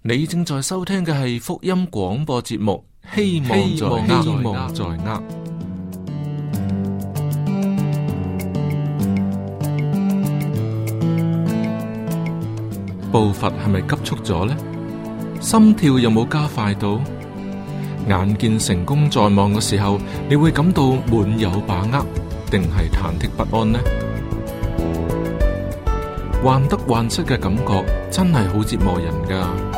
你正在收聽嘅係福音廣播節目，希望希望在握。步伐係咪急促咗呢？心跳有冇加快到？眼見成功在望嘅時候，你會感到滿有把握，定係忐忑不安呢？患得患失嘅感覺真係好折磨人噶。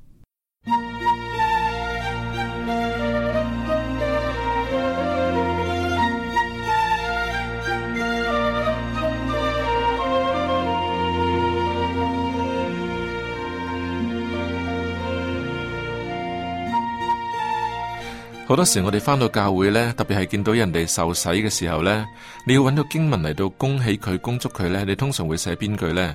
好多時我哋翻到教會呢，特別係見到人哋受洗嘅時候呢，你要揾到經文嚟到恭喜佢，恭祝佢呢。你通常會寫邊句呢？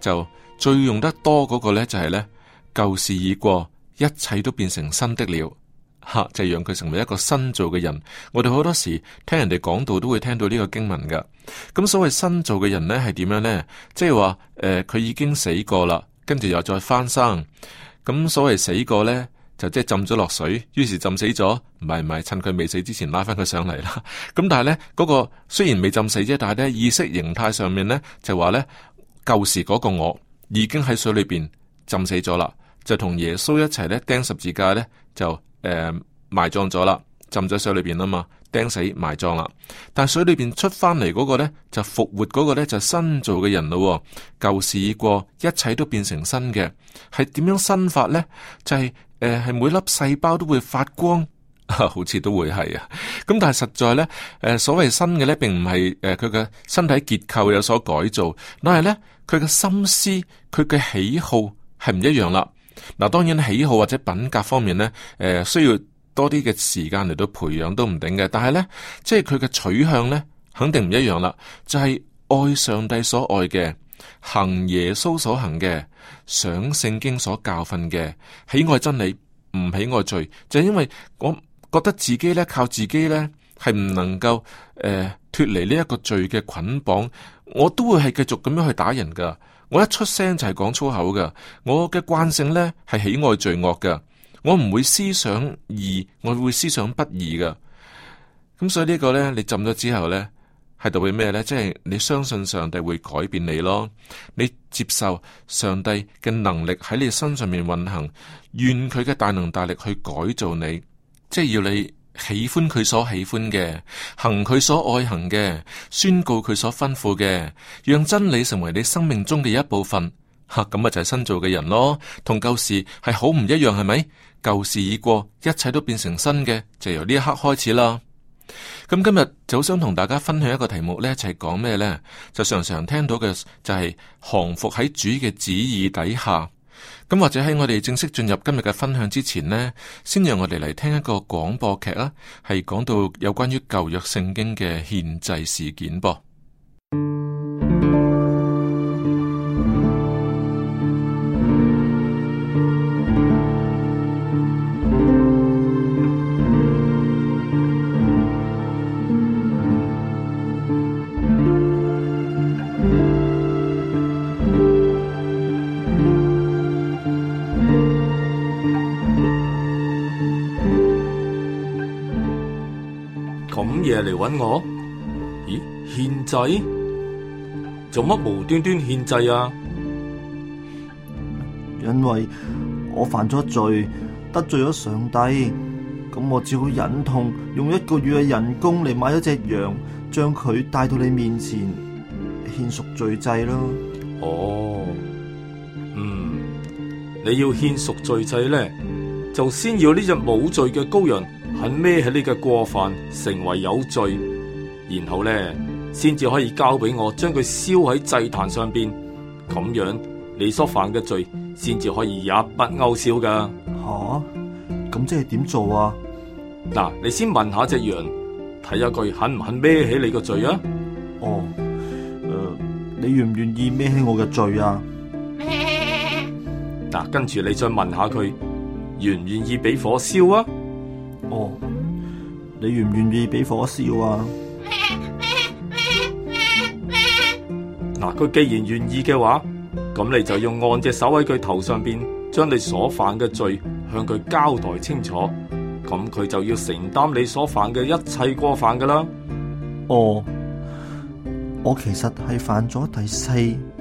就最用得多嗰個呢，就係、是、呢：「舊事已過，一切都變成新的了。吓，就是、讓佢成為一個新造嘅人。我哋好多時聽人哋講道都會聽到呢個經文噶。咁所謂新造嘅人呢係點樣呢？即係話佢已經死過啦，跟住又再翻生。咁所謂死過呢。就即係浸咗落水，於是浸死咗。唔係唔係，趁佢未死之前拉翻佢上嚟啦。咁 但係呢，嗰、嗰個雖然未浸死啫，但係呢意識形態上面呢，就話呢舊時嗰個我已經喺水裏邊浸死咗啦，就同耶穌一齊呢釘十字架呢，就誒、呃、埋葬咗啦，浸咗水裏邊啦嘛，釘死埋葬啦。但係水裏邊出翻嚟嗰個呢，就復活嗰個呢，就係、新造嘅人咯、哦。舊事已過，一切都變成新嘅。係點樣新法呢？就係、係。誒，係每粒細胞都會發光， 好似都會係啊。咁但係實在咧，誒所謂新嘅咧，並唔係誒佢嘅身體結構有所改造，但係咧佢嘅心思、佢嘅喜好係唔一樣啦。嗱，當然喜好或者品格方面咧，誒需要多啲嘅時間嚟到培養都唔定嘅。但係咧，即係佢嘅取向咧，肯定唔一樣啦。就係愛上帝所愛嘅。行耶穌所行嘅，想聖經所教訓嘅，喜愛真理，唔喜愛罪，就係因為我覺得自己咧靠自己咧係唔能夠誒脫離呢一個罪嘅捆綁，我都會係繼續咁樣去打人噶我一出聲就係講粗口噶我嘅慣性咧係喜愛罪惡噶我唔會思想義，我會思想不義噶咁所以呢個咧你浸咗之後咧。係代表咩呢？即係你相信上帝會改變你咯，你接受上帝嘅能力喺你身上面運行，願佢嘅大能大力去改造你，即係要你喜歡佢所喜歡嘅，行佢所愛行嘅，宣告佢所吩咐嘅，讓真理成為你生命中嘅一部分。吓，咁咪就係新造嘅人咯，同舊事係好唔一樣，係咪？舊事已過，一切都變成新嘅，就由呢一刻開始啦。咁今日就好想同大家分享一個題目呢，一齊講咩呢？就常常聽到嘅，就係降服喺主嘅旨意底下。咁或者喺我哋正式進入今日嘅分享之前呢，先讓我哋嚟聽一個廣播劇啦，係講到有關於舊約聖經嘅獻祭事件噃。嘢嚟揾我？咦，獻祭？做乜無端端獻祭啊？因為我犯咗罪，得罪咗上帝，咁我只好忍痛用一個月嘅人工嚟買咗隻羊，將佢帶到你面前獻贖罪祭啦。哦，嗯，你要獻贖罪祭咧，就先要呢隻冇罪嘅羔羊。孭起呢個過犯，成為有罪，然後咧，先至可以交俾我將佢燒喺祭壇上邊。咁樣，你所犯嘅罪，先至可以也不勾銷噶。吓、啊，咁即係點做啊？嗱、啊，你先問下隻羊，睇下佢肯唔肯孭起你個罪啊？哦，誒、呃，你願唔願意孭起我嘅罪啊？嗱、啊，跟住你再問下佢願唔願意俾火燒啊？哦、你願唔願意俾火燒啊？嗱、呃，佢既然願意嘅話，咁你就用按隻手喺佢頭上邊，將你所犯嘅罪向佢交代清楚，咁佢就要承擔你所犯嘅一切過犯噶啦。哦，我其實係犯咗第四、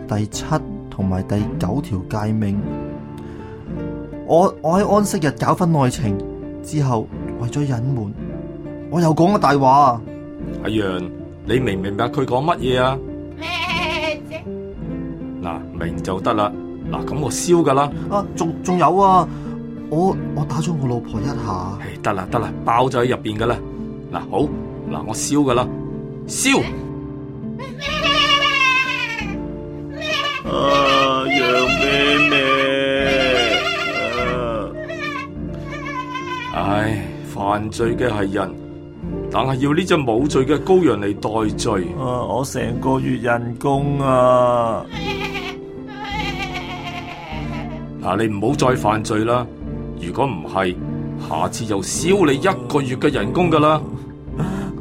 第七同埋第九條誡命。我我喺安息日搞婚愛情之後。為咗隱瞞，我又講個大話。阿楊，你明唔明白佢講乜嘢啊？咩啫？嗱，明就得啦。嗱，咁我燒噶啦。啊，仲仲、啊、有啊，我我打咗我老婆一下。得啦得啦，包咗喺入邊噶啦。嗱、啊，好，嗱、啊、我燒噶啦，燒。阿楊咩？犯罪嘅係人，但係要呢隻冇罪嘅羔羊嚟代罪。啊！我成個月人工啊！嗱，啊，你唔好再犯罪啦！如果唔係，下次又少你一個月嘅人工噶啦。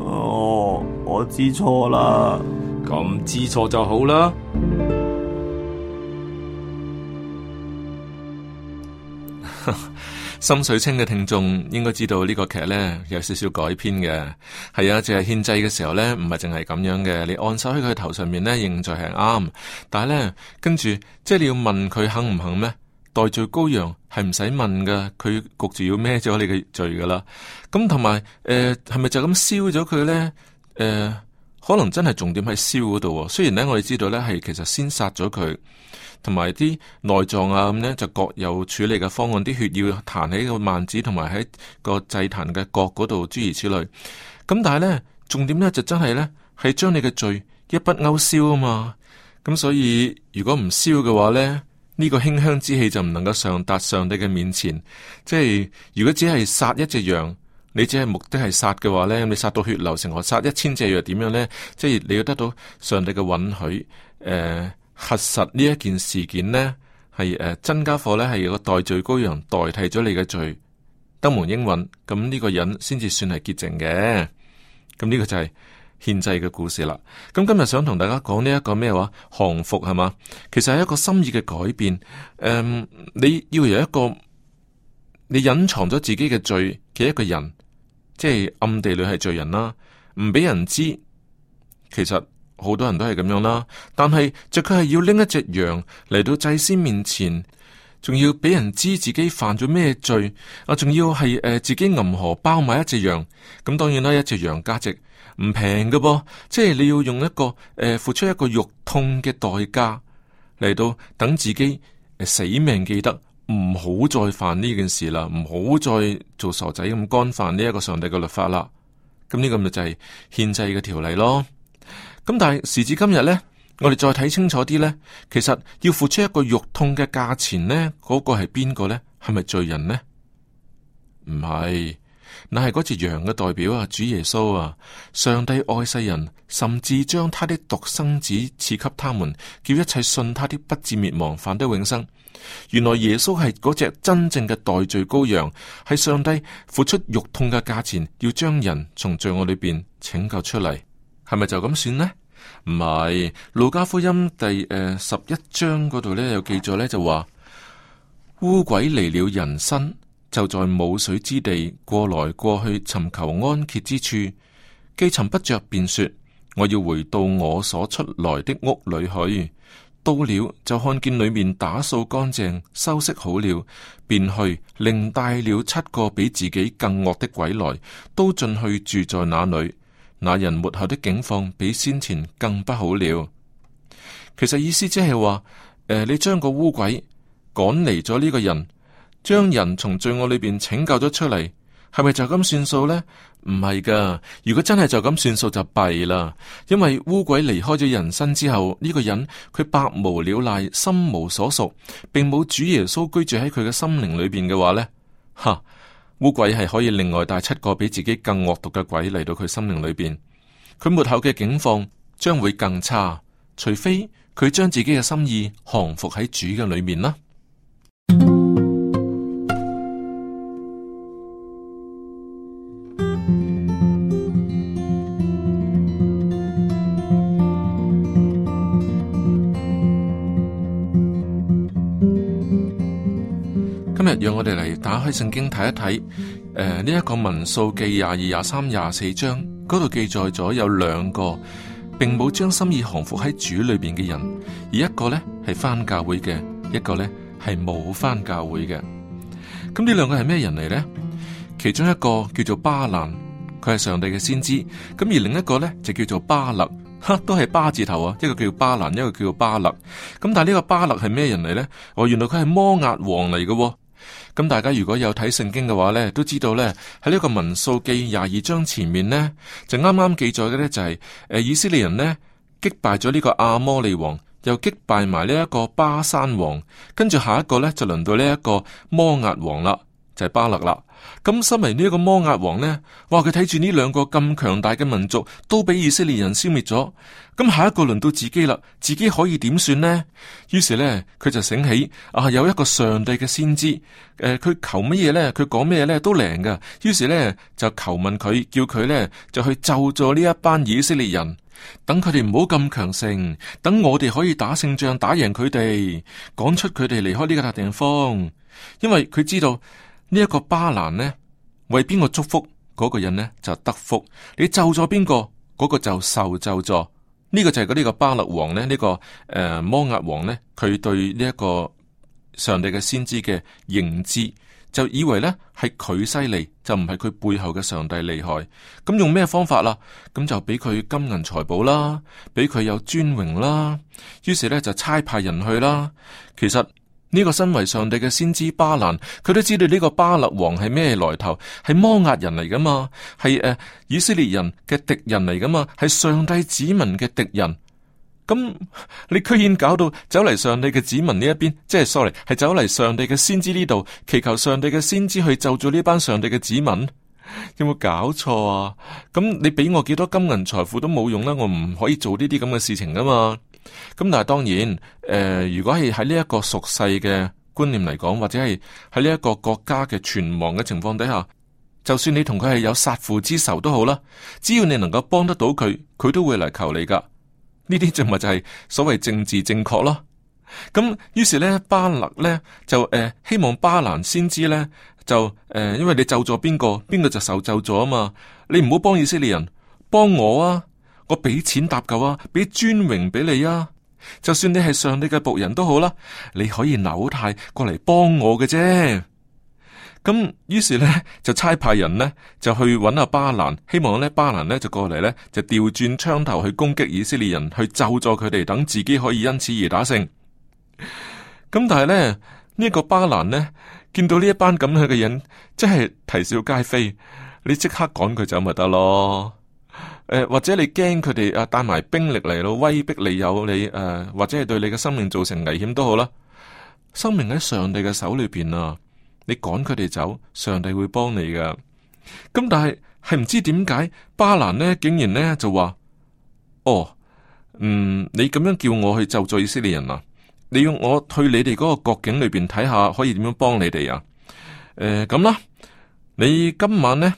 哦，我知錯啦。咁，啊，知錯就好啦。 心水清嘅聽眾應該知道呢個劇呢，有少少改編嘅，係啊，就係獻祭嘅時候呢，唔係淨係咁樣嘅。你按手喺佢頭上面呢，認罪係啱，但係呢，跟住即係你要問佢肯唔肯咩？代罪羔羊係唔使問嘅，佢焗住要孭咗你嘅罪噶啦。咁同埋誒係咪就咁燒咗佢呢？誒、呃、可能真係重點喺燒嗰度喎。雖然呢，我哋知道呢，係其實先殺咗佢。同埋啲內臟啊，咁呢就各有處理嘅方案。啲血要彈起個幔子，同埋喺個祭壇嘅角嗰度，諸如此類。咁但係呢，重點呢就真係呢係將你嘅罪一筆勾銷啊嘛。咁、嗯、所以如果唔燒嘅話呢，呢、這個馨香之氣就唔能夠上達上帝嘅面前。即係如果只係殺一隻羊，你只係目的係殺嘅話呢，你殺到血流成河，殺一千隻羊點樣呢？即係你要得到上帝嘅允許，誒、呃。核實呢一件事件呢，係誒，增加貨咧係個代罪羔羊代替咗你嘅罪，登門英允，咁呢個人先至算係潔淨嘅，咁呢個就係獻祭嘅故事啦。咁今日想同大家講呢一個咩話，降服係嘛，其實係一個心意嘅改變。誒、嗯，你要有一個你隱藏咗自己嘅罪嘅一個人，即係暗地裏係罪人啦，唔俾人知，其實。好多人都係咁樣啦，但係就佢係要拎一隻羊嚟到祭司面前，仲要俾人知自己犯咗咩罪，啊，仲要係誒、呃、自己銀荷包買一隻羊。咁當然啦，一隻羊價值唔平噶噃，即係你要用一個誒、呃、付出一個肉痛嘅代價嚟到等自己誒、呃、死命記得唔好再犯呢件事啦，唔好再做傻仔咁干犯呢一個上帝嘅律法啦。咁呢個咪就係獻祭嘅條例咯。咁但係時至今日呢，我哋再睇清楚啲呢，其實要付出一個肉痛嘅價錢呢，嗰個係邊個呢？係咪罪人呢？唔係，那係嗰隻羊嘅代表啊！主耶穌啊，上帝愛世人，甚至將他的獨生子賜給他們，叫一切信他的不至滅亡，反得永生。原來耶穌係嗰隻真正嘅代罪羔羊，係上帝付出肉痛嘅價錢，要將人從罪惡裏邊拯救出嚟。係咪就咁算呢？唔係，《路加福音》第、呃、十一章嗰度呢，有記載呢就話，烏鬼離了人身，就在冇水之地過來過去，尋求安歇之處，既尋不着，便說：我要回到我所出來的屋裏去。到了就看見裏面打掃乾淨、收拾好了，便去，另帶了七個比自己更惡的鬼來，都進去住在那裏。那人末後的境況比先前更不好了。其實意思即係話，誒、呃，你將個烏鬼趕離咗呢個人，將人從罪惡裏邊拯救咗出嚟，係咪就咁算數呢？唔係噶，如果真係就咁算數就弊啦。因為烏鬼離開咗人身之後，呢、這個人佢百無了賴，心無所屬，並冇主耶穌居住喺佢嘅心靈裏邊嘅話呢。吓。烏鬼係可以另外帶七個比自己更惡毒嘅鬼嚟，到佢心靈裏邊佢末後嘅境況將會更差，除非佢將自己嘅心意降服喺主嘅裏面啦。讓我哋嚟打開聖經睇一睇，誒、呃，呢、這、一個民數記廿二、廿三、廿四章，嗰度記載咗有兩個，並冇將心意降服喺主裏邊嘅人，而一個咧係返教會嘅，一個咧係冇返教會嘅。咁呢兩個係咩人嚟呢？其中一個叫做巴蘭，佢係上帝嘅先知。咁而另一個咧就叫做巴勒，吓都係巴字頭啊！一個叫巴蘭，一個叫巴勒。咁但係呢個巴勒係咩人嚟咧？哦，原來佢係摩押王嚟嘅。咁大家如果有睇聖經嘅話咧，都知道咧喺呢個民數記廿二章前面咧，就啱啱記載嘅咧就係、是、誒以色列人咧擊敗咗呢個阿摩利王，又擊敗埋呢一個巴珊王，跟住下一個咧就輪到呢一個摩押王啦，就係、是、巴勒啦。咁身為呢一個摩押王呢，哇！佢睇住呢兩個咁強大嘅民族都俾以色列人消滅咗，咁下一個輪到自己啦，自己可以點算呢？於是呢，佢就醒起啊，有一個上帝嘅先知，誒、呃，佢求乜嘢呢？佢講乜嘢呢？都靈㗎。於是呢，就求問佢，叫佢呢就去救助呢一班以色列人，等佢哋唔好咁強盛，等我哋可以打勝仗打贏佢哋，趕出佢哋離開呢個大地方，因為佢知道。呢一個巴蘭呢，為邊個祝福？嗰、那個人呢就得福。你咒咗邊個，嗰、那個就受咒咗。呢、這個就係呢個巴勒王呢，呢、這個誒、呃、摩押王呢，佢對呢一個上帝嘅先知嘅認知，就以為呢係佢犀利，就唔係佢背後嘅上帝厲害。咁用咩方法啦？咁就俾佢金銀財寶啦，俾佢有尊榮啦。於是呢，就差派人去啦。其實。呢個身為上帝嘅先知巴蘭，佢都知道呢個巴勒王係咩來頭，係摩押人嚟噶嘛，係誒、呃、以色列人嘅敵人嚟噶嘛，係上帝子民嘅敵人。咁、嗯、你居然搞到走嚟上帝嘅子民呢一邊，即係 sorry，係走嚟上帝嘅先知呢度，祈求上帝嘅先知去就做呢班上帝嘅子民，有冇搞錯啊？咁、嗯、你俾我幾多金銀財富都冇用啦，我唔可以做呢啲咁嘅事情噶嘛。咁但係當然，誒、呃，如果係喺呢一個俗世嘅觀念嚟講，或者係喺呢一個國家嘅存亡嘅情況底下，就算你同佢係有殺父之仇都好啦，只要你能夠幫得到佢，佢都會嚟求你噶。呢啲就咪就係所謂政治正確咯。咁、嗯、於是呢，巴勒呢就誒、呃、希望巴蘭先知呢，就誒、呃，因為你咒咗邊個，邊個就受咒咗啊嘛。你唔好幫以色列人，幫我啊！我俾錢搭救啊，俾尊榮俾你啊，就算你係上帝嘅僕人都好啦，你可以扭態過嚟幫我嘅啫。咁、嗯、於是呢，就差派人呢，就去搵阿、啊、巴蘭，希望呢巴蘭呢就過嚟呢，就調轉槍頭去攻擊以色列人，去咒助佢哋，等自己可以因此而打勝。咁、嗯、但係呢，呢、這個巴蘭呢，見到呢一班咁樣嘅人，真係啼笑皆非。你即刻趕佢走咪得咯？誒、呃，或者你驚佢哋啊帶埋兵力嚟到威逼你有你誒、呃，或者係對你嘅生命造成危險都好啦。生命喺上帝嘅手裏邊啊，你趕佢哋走，上帝會幫你噶。咁但係係唔知點解巴蘭呢竟然呢就話，哦，嗯，你咁樣叫我去咒詛以色列人啊？你要我去你哋嗰個國境裏邊睇下，可以點樣幫你哋啊？誒、呃，咁啦，你今晚呢？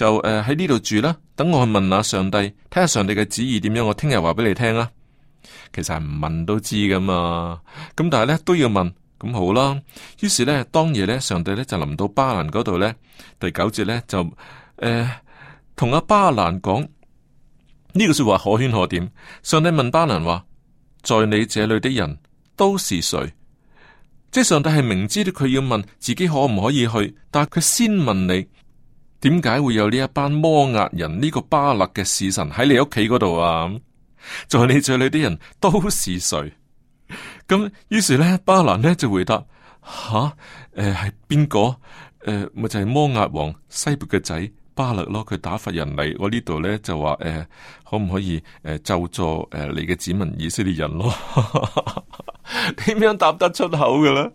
就誒喺呢度住啦，等我去問下上帝，睇下上帝嘅旨意點樣，我聽日話俾你聽啦。其實係唔問都知噶嘛，咁但係咧都要問，咁、嗯、好啦。於是咧，當夜咧，上帝咧就臨到巴蘭嗰度咧，第九節咧就誒同阿巴蘭講呢個說話可圈可點。上帝問巴蘭話：在你這裡的人都是誰？即係上帝係明知佢要問自己可唔可以去，但係佢先問你。點解會有呢一班摩押人呢、這個巴勒嘅使臣喺你屋企嗰度啊？仲在你這裡啲人都是誰？咁於是咧，巴蘭咧就回答：吓、啊，誒係邊個？誒咪、呃、就係摩押王西伯嘅仔巴勒咯。佢打發人嚟，我呢度咧就話：誒、呃，可唔可以誒咒、呃、助誒、呃、你嘅子民以色列人咯？點 樣答得出口㗎咧？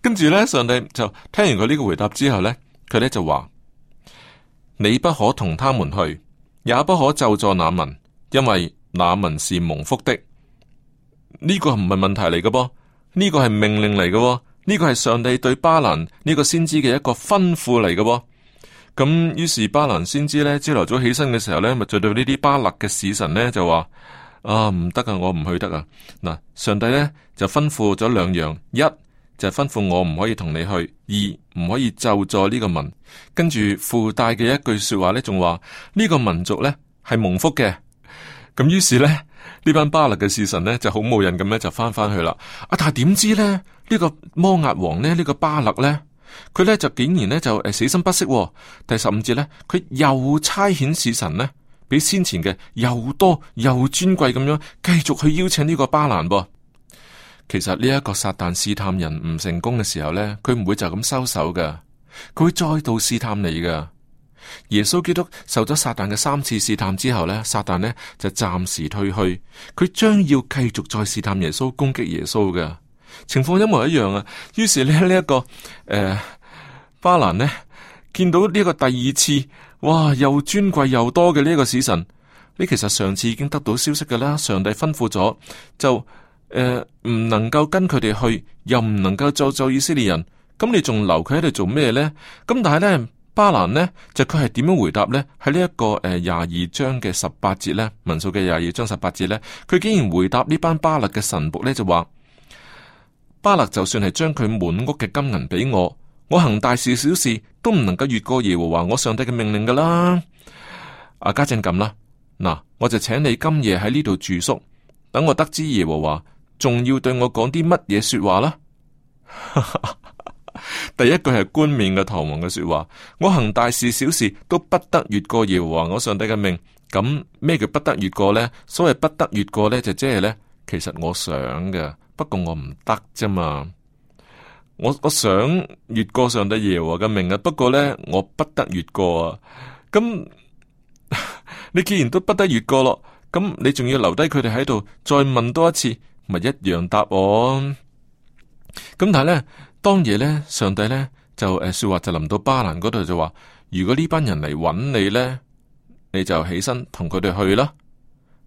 跟住咧，上帝就聽完佢呢個回答之後咧，佢咧就話。你不可同他們去，也不可就助那民，因為那民是蒙福的。呢個唔係問題嚟嘅噃，呢個係命令嚟嘅，呢個係上帝對巴蘭呢個先知嘅一個吩咐嚟嘅噃。咁於是巴蘭先知咧，朝頭早起身嘅時候咧，咪就對呢啲巴勒嘅使臣咧就話：啊，唔得啊，我唔去得啊！嗱，上帝咧就吩咐咗兩樣，一。就吩咐我唔可以同你去，二唔可以就助呢個民。跟住附帶嘅一句說話呢，仲話呢個民族呢係蒙福嘅。咁於是呢，呢班巴勒嘅使臣呢就好冇癮咁呢，就翻翻去啦。啊，但係點知呢，呢、呢個摩押王呢，呢、呢個巴勒呢，佢呢就竟然呢，就誒、呃、死心不息、哦。第十五節呢，佢又差遣使臣呢，比先前嘅又多又尊貴咁樣，繼續去邀請呢個巴蘭噃、哦。其實呢一個撒旦試探人唔成功嘅時候呢，佢唔會就咁收手噶，佢會再度試探你噶。耶穌基督受咗撒旦嘅三次試探之後呢，撒旦呢就暫時退去，佢將要繼續再試探耶穌，攻擊耶穌嘅。情況一模一樣啊。於是咧呢一個誒、呃、巴蘭呢，見到呢一個第二次，哇又尊貴又多嘅呢一個使臣，呢其實上次已經得到消息噶啦，上帝吩咐咗就。誒，唔、呃、能夠跟佢哋去，又唔能夠做做以色列人，咁、嗯、你仲留佢喺度做咩呢？咁、嗯、但係呢，巴蘭呢，就佢係點樣回答呢？喺呢一個誒廿二章嘅十八節呢，民數記廿二章十八節呢，佢竟然回答呢班巴勒嘅神僕呢，就話：巴勒就算係將佢滿屋嘅金銀俾我，我行大事小事都唔能夠越過耶和華我上帝嘅命令噶啦。阿家陣咁啦，嗱，我就請你今夜喺呢度住宿，等我得知耶和華。仲要對我講啲乜嘢說話啦？ 第一句係冠冕嘅堂皇嘅說話，我行大事小事都不得越過耶和華我上帝嘅命。咁咩叫不得越過呢？所謂不得越過呢，就即係呢——其實我想嘅，不過我唔得啫嘛。我我想越過上帝耶和華嘅命啊，不過呢，我不得越過啊。咁 你既然都不得越過咯，咁你仲要留低佢哋喺度，再問多一次。咪一樣答案。咁但係咧，當夜咧，上帝咧就誒、呃、說話就臨到巴蘭嗰度就話：如果呢班人嚟揾你咧，你就起身同佢哋去啦。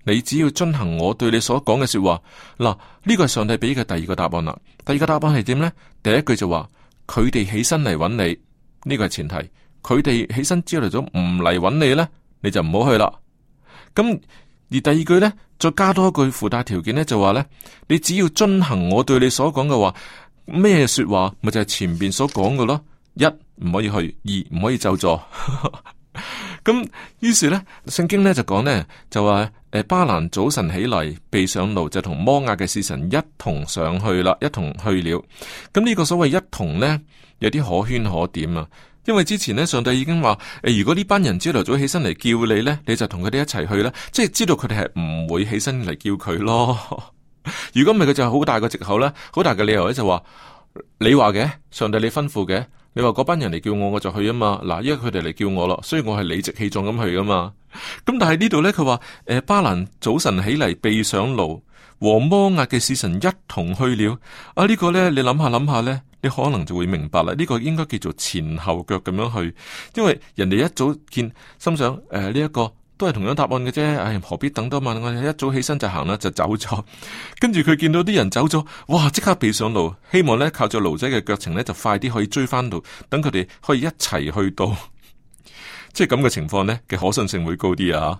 你只要遵行我對你所講嘅說話。嗱，呢個係上帝俾嘅第二個答案啦。第二個答案係點咧？第一句就話佢哋起身嚟揾你，呢、這個係前提。佢哋起身之後就唔嚟揾你咧，你就唔好去啦。咁、嗯。而第二句咧，再加多一句附帶條件咧，就話咧，你只要遵行我對你所講嘅話，咩說話咪就係、是、前邊所講嘅咯。一唔可以去，二唔可以就坐。咁 於是咧，聖經咧就講咧，就話，誒巴蘭早晨起嚟，備上路就同、是、摩亞嘅使臣一同上去啦，一同去了。咁呢個所謂一同咧，有啲可圈可點啊。因為之前咧，上帝已經話，誒，如果呢班人朝頭早起身嚟叫你咧，你就同佢哋一齊去啦。即係知道佢哋係唔會起身嚟叫佢咯。如果唔係，佢就好大個借口啦，好大嘅理由咧，就是，就話你話嘅，上帝你吩咐嘅。你話嗰班人嚟叫我，我就去啊嘛！嗱，因為佢哋嚟叫我咯，所以我係理直氣壯咁去噶嘛。咁但係呢度咧，佢話誒巴蘭早晨起嚟備上驢，和摩押嘅使臣一同去了。啊、這個、呢個咧，你諗下諗下咧，你可能就會明白啦。呢、這個應該叫做前後腳咁樣去，因為人哋一早見心想誒呢一個。都係同樣答案嘅啫，唉、哎，何必等多晚？我一早起身就行啦，就走咗。跟住佢見到啲人走咗，哇！即刻避上路，希望咧靠住驢仔嘅腳程咧，就快啲可以追翻到，等佢哋可以一齊去到。即係咁嘅情況咧，嘅可信性會高啲啊。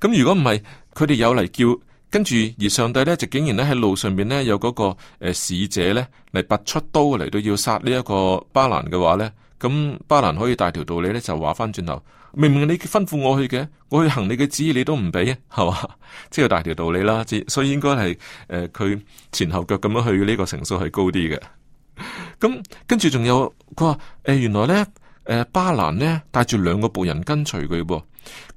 咁、啊、如果唔係，佢哋有嚟叫，跟住而上帝咧，就竟然咧喺路上面咧有嗰、那個誒、呃、使者咧嚟拔出刀嚟到要殺呢一個巴蘭嘅話咧，咁巴蘭可以大條道理咧就話翻轉頭。明明你吩咐我去嘅，我去行你嘅旨意，你都唔俾呀，係嘛？即係大條道理啦，所以應該係誒佢前後腳咁樣去呢，這個成數係高啲嘅。咁跟住仲有佢話誒，原來咧誒，呃、巴蘭呢帶住兩個僕人跟隨佢噃，咁，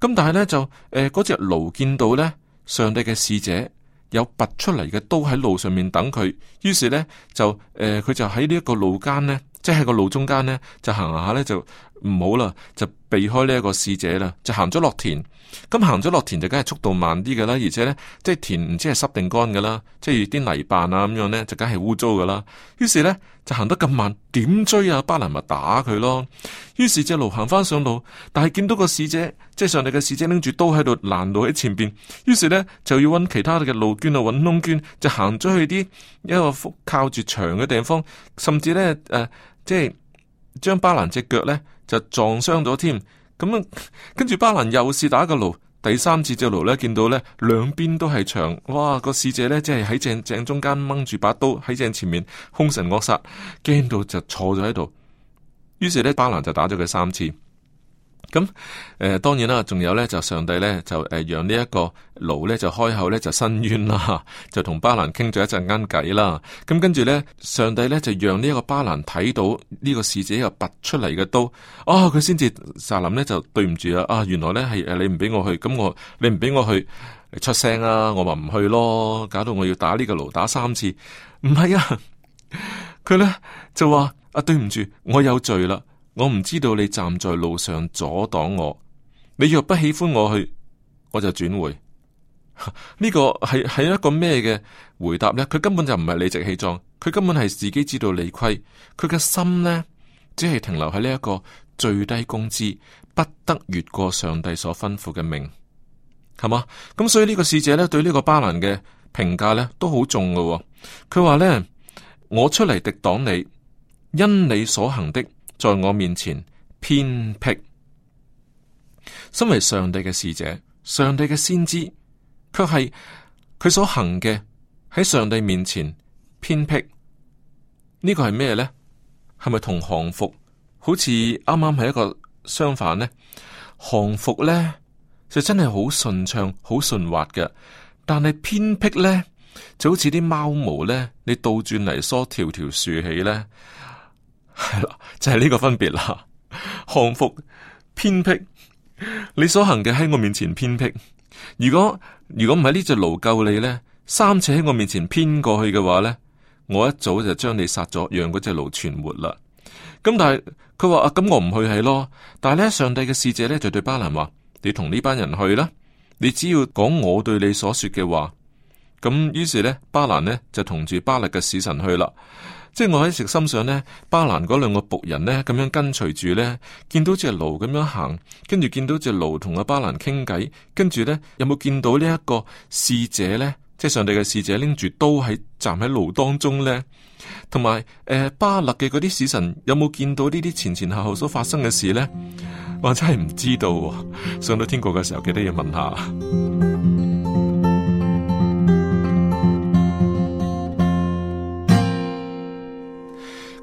嗯、但係咧就誒嗰隻驢見到咧上帝嘅使者有拔出嚟嘅刀喺路上面等佢，於是咧就誒佢，呃、就喺呢一個路間咧。即係個路中間呢，就行下咧就唔好啦，就避開呢一個使者啦，就行咗落田。咁行咗落田就梗係速度慢啲嘅啦，而且呢，即係田唔知係濕定乾嘅啦，即係啲泥湴啊咁樣呢，就梗係污糟嘅啦。於是呢，就行得咁慢，點追啊？巴蘭咪打佢咯。於是隻驢行翻上路，但係見到個使者，即係上嚟嘅使者拎住刀喺度攔路喺前邊。於是呢，就要揾其他嘅路捐啊揾窿捐，就行咗去啲一,一個靠住牆嘅地方，甚至呢。誒、呃。即係將巴蘭隻腳呢就撞傷咗添，咁樣跟住巴蘭又試打個驢，第三次隻驢呢見到呢兩邊都係牆，哇，個使者呢即係喺正正中間掹住把刀喺正前面凶神惡煞，驚到就坐咗喺度，於是呢，巴蘭就打咗佢三次。咁誒、嗯，當然啦，仲有咧，就上帝咧，就誒，讓呢一個驢咧就開口咧就申冤啦， 就同巴蘭傾咗一陣間偈啦。咁、嗯、跟住咧，上帝咧就讓呢一個巴蘭睇到呢個使者又拔出嚟嘅刀，啊、哦，佢先至就林咧就對唔住啦，啊，原來咧係誒你唔俾我去，咁我你唔俾我去出聲啊，我咪唔去咯，搞到我要打呢個驢打三次，唔係啊，佢 咧就話啊對唔住，我有罪啦。我唔知道你站在路上阻擋我。你若不喜歡我去，我就轉回。呢、這個係係一個咩嘅回答呢？佢根本就唔係理直氣壯，佢根本係自己知道理虧。佢嘅心呢，只係停留喺呢一個最低工資，不得越過上帝所吩咐嘅命，係嘛？咁所以呢個使者呢，對呢個巴蘭嘅評價呢，都好重噶、哦。佢話呢，「我出嚟敵擋你，因你所行的。在我面前偏僻，身為上帝嘅使者，上帝嘅先知，卻係佢所行嘅喺上帝面前偏僻。呢個係咩咧？係咪同降服好似啱啱係一個相反呢？降服咧就真係好順暢、好順滑嘅，但係偏僻咧就好似啲貓毛咧，你倒轉嚟梳條條豎起咧。係啦，就係、是、呢個分別啦。漢服偏僻，你所行嘅喺我面前偏僻。如果如果唔係呢隻驢救你呢，三次喺我面前偏過去嘅話呢，我一早就將你殺咗，讓嗰隻驢存活啦。咁但係佢話啊，咁我唔去係咯。但係咧，上帝嘅使者呢，就對巴蘭話：你同呢班人去啦，你只要講我對你所說嘅話。咁於是呢，巴蘭呢，就同住巴勒嘅使臣去啦。即係我喺石心上咧，巴蘭嗰兩個僕人咧咁樣跟隨住咧，見到隻驢咁樣行，跟住見到隻驢同阿巴蘭傾偈，跟住咧有冇見到呢一個侍者咧？即係上帝嘅侍者拎住刀喺站喺路當中咧，同埋誒巴勒嘅嗰啲使臣，有冇見到呢啲前前後後所發生嘅事咧？或者係唔知道、哦，上到天國嘅時候記得要問下。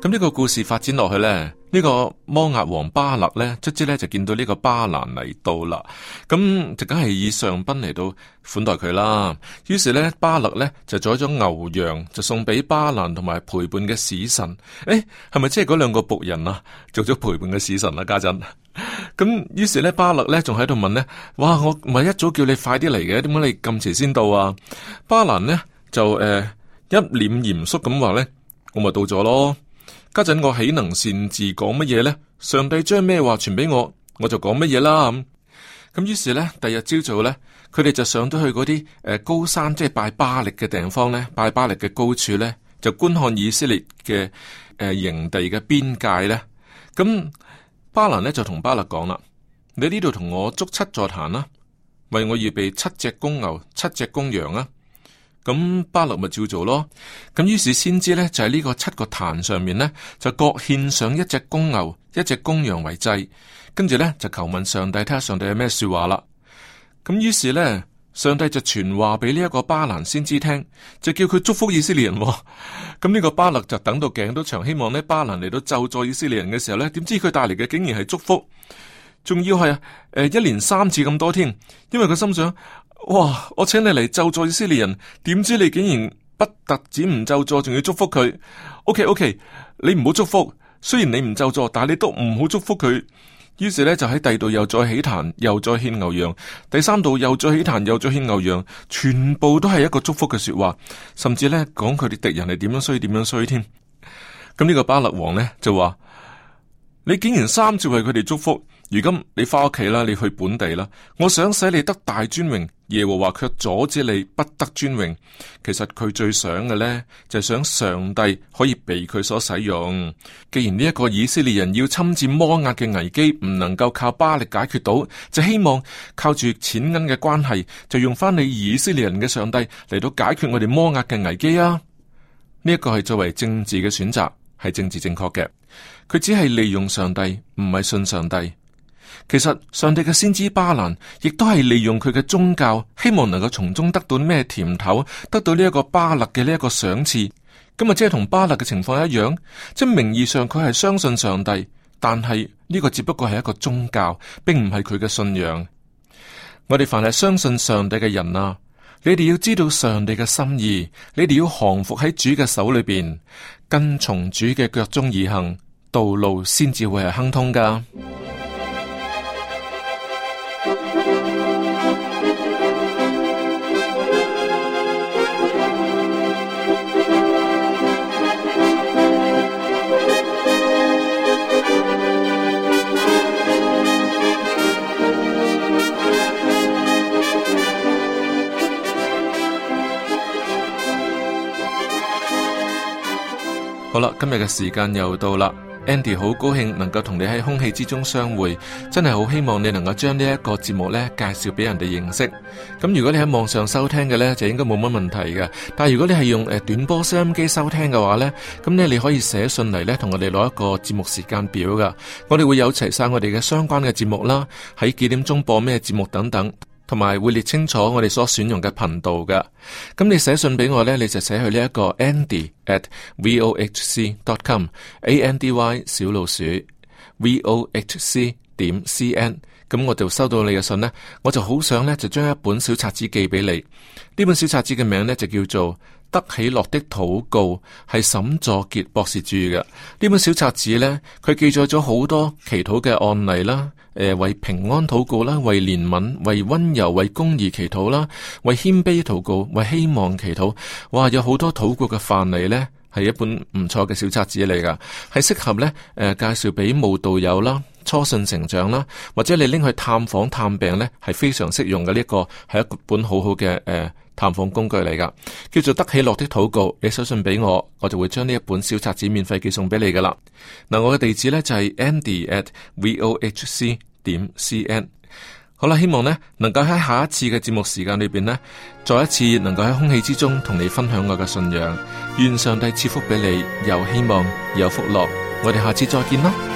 咁呢個故事發展落去咧，呢、呢個摩押王巴勒咧，卒之咧就見到呢個巴蘭嚟到啦。咁就梗係以上賓嚟到款待佢啦。於是咧，巴勒咧就宰咗牛羊就送俾巴蘭同埋陪伴嘅使臣。誒、欸，係咪即係嗰兩個僕人啊？做咗陪伴嘅使臣啊，家陣咁。於是咧，巴勒咧仲喺度問咧：哇，我咪一早叫你快啲嚟嘅，點解你咁遲先到啊？巴蘭咧就誒、呃、一臉嚴肅咁話咧，我咪到咗咯。家陣我豈能擅自講乜嘢咧？上帝將咩話傳俾我，我就講乜嘢啦咁。咁於是咧，第日朝早咧，佢哋就上咗去嗰啲誒高山，即係拜巴力嘅地方咧，拜巴力嘅高處咧，就觀看以色列嘅誒營地嘅邊界咧。咁、嗯、巴蘭咧就同巴勒講啦：你喺呢度同我捉七座壇啦、啊，為我預備七隻公牛、七隻公羊啊！咁巴勒咪照做咯，咁於是先知呢，就喺呢個七個壇上面呢，就各獻上一隻公牛、一隻公羊為祭，跟住呢，就求問上帝睇下上帝有咩說話啦。咁於是呢，上帝就傳話俾呢一個巴蘭先知聽，就叫佢祝福以色列人，哦。咁 呢個巴勒就等到頸都長，希望呢巴蘭嚟到咒詛以色列人嘅時候呢，點知佢帶嚟嘅竟然係祝福，仲要係誒、呃、一連三次咁多天，因為佢心想，哇！我請你嚟咒詛以色列人，點知你竟然不特止唔咒詛，仲要祝福佢？O K O K，你唔好祝福。雖然你唔咒詛，但係你都唔好祝福佢。於是咧就喺第二度又再起壇，又再獻牛羊；第三度又再起壇，又再獻牛羊。全部都係一個祝福嘅說話，甚至咧講佢哋敵人係點樣衰，點樣衰添。咁呢個巴勒王呢，就話：你竟然三次為佢哋祝福，如今你翻屋企啦，你去本地啦，我想使你得大尊榮。耶和華卻阻止你不得尊榮，其實佢最想嘅呢，就係、是、想上帝可以被佢所使用。既然呢一個以色列人要侵佔摩押嘅危機唔能夠靠巴力解決到，就希望靠住錢銀嘅關係就用翻你以色列人嘅上帝嚟到解決我哋摩押嘅危機啊！呢、這、一個係作為政治嘅選擇，係政治正確嘅。佢只係利用上帝，唔係信上帝。其實上帝嘅先知巴蘭，亦都係利用佢嘅宗教，希望能夠從中得到咩甜頭，得到呢一個巴勒嘅呢一個賞賜。咁啊，即係同巴勒嘅情況一樣，即係名義上佢係相信上帝，但係呢、呢個只不過係一個宗教，並唔係佢嘅信仰。我哋凡係相信上帝嘅人啊，你哋要知道上帝嘅心意，你哋要降服喺主嘅手裏邊，跟從主嘅腳蹤而行，道路先至會係亨通噶。今日嘅時間又到啦，Andy 好高興能夠同你喺空氣之中相會，真係好希望你能夠將呢一個節目呢介紹俾人哋認識。咁如果你喺網上收聽嘅呢，就應該冇乜問題嘅。但係如果你係用誒短波收音機收聽嘅話呢，咁呢你可以寫信嚟呢，同我哋攞一個節目時間表噶。我哋會有齊晒我哋嘅相關嘅節目啦，喺幾點鐘播咩節目等等。同埋會列清楚我哋所選用嘅頻道嘅，咁你寫信俾我呢，你就寫去呢一個 andy at vohc dot com a n d y 小老鼠 vohc 點 cn，咁我就收到你嘅信呢，我就好想呢，就將一本小冊子寄俾你，呢本小冊子嘅名呢，就叫做《德喜樂的禱告》，係沈作杰博士著嘅，呢本小冊子呢，佢記載咗好多祈禱嘅案例啦。誒為平安禱告啦，為憐憫、為溫柔、為公義祈禱啦，為謙卑禱告，為希望祈禱。哇，有好多禱告嘅範例呢，係一本唔錯嘅小冊子嚟㗎，係適合呢誒介紹俾慕道友啦、初信成長啦，或者你拎去探訪探病呢，係非常適用嘅呢一個係一本好好嘅誒探訪工具嚟㗎，叫做得喜樂的禱告。你手信俾我，我就會將呢一本小冊子免費寄送俾你㗎喇。嗱、呃，我嘅地址呢，就係 andy at vohc。點 C N，好啦，希望呢能夠喺下一次嘅節目時間裏邊呢，再一次能夠喺空氣之中同你分享我嘅信仰。願上帝賜福俾你，有希望，有福樂。我哋下次再見啦。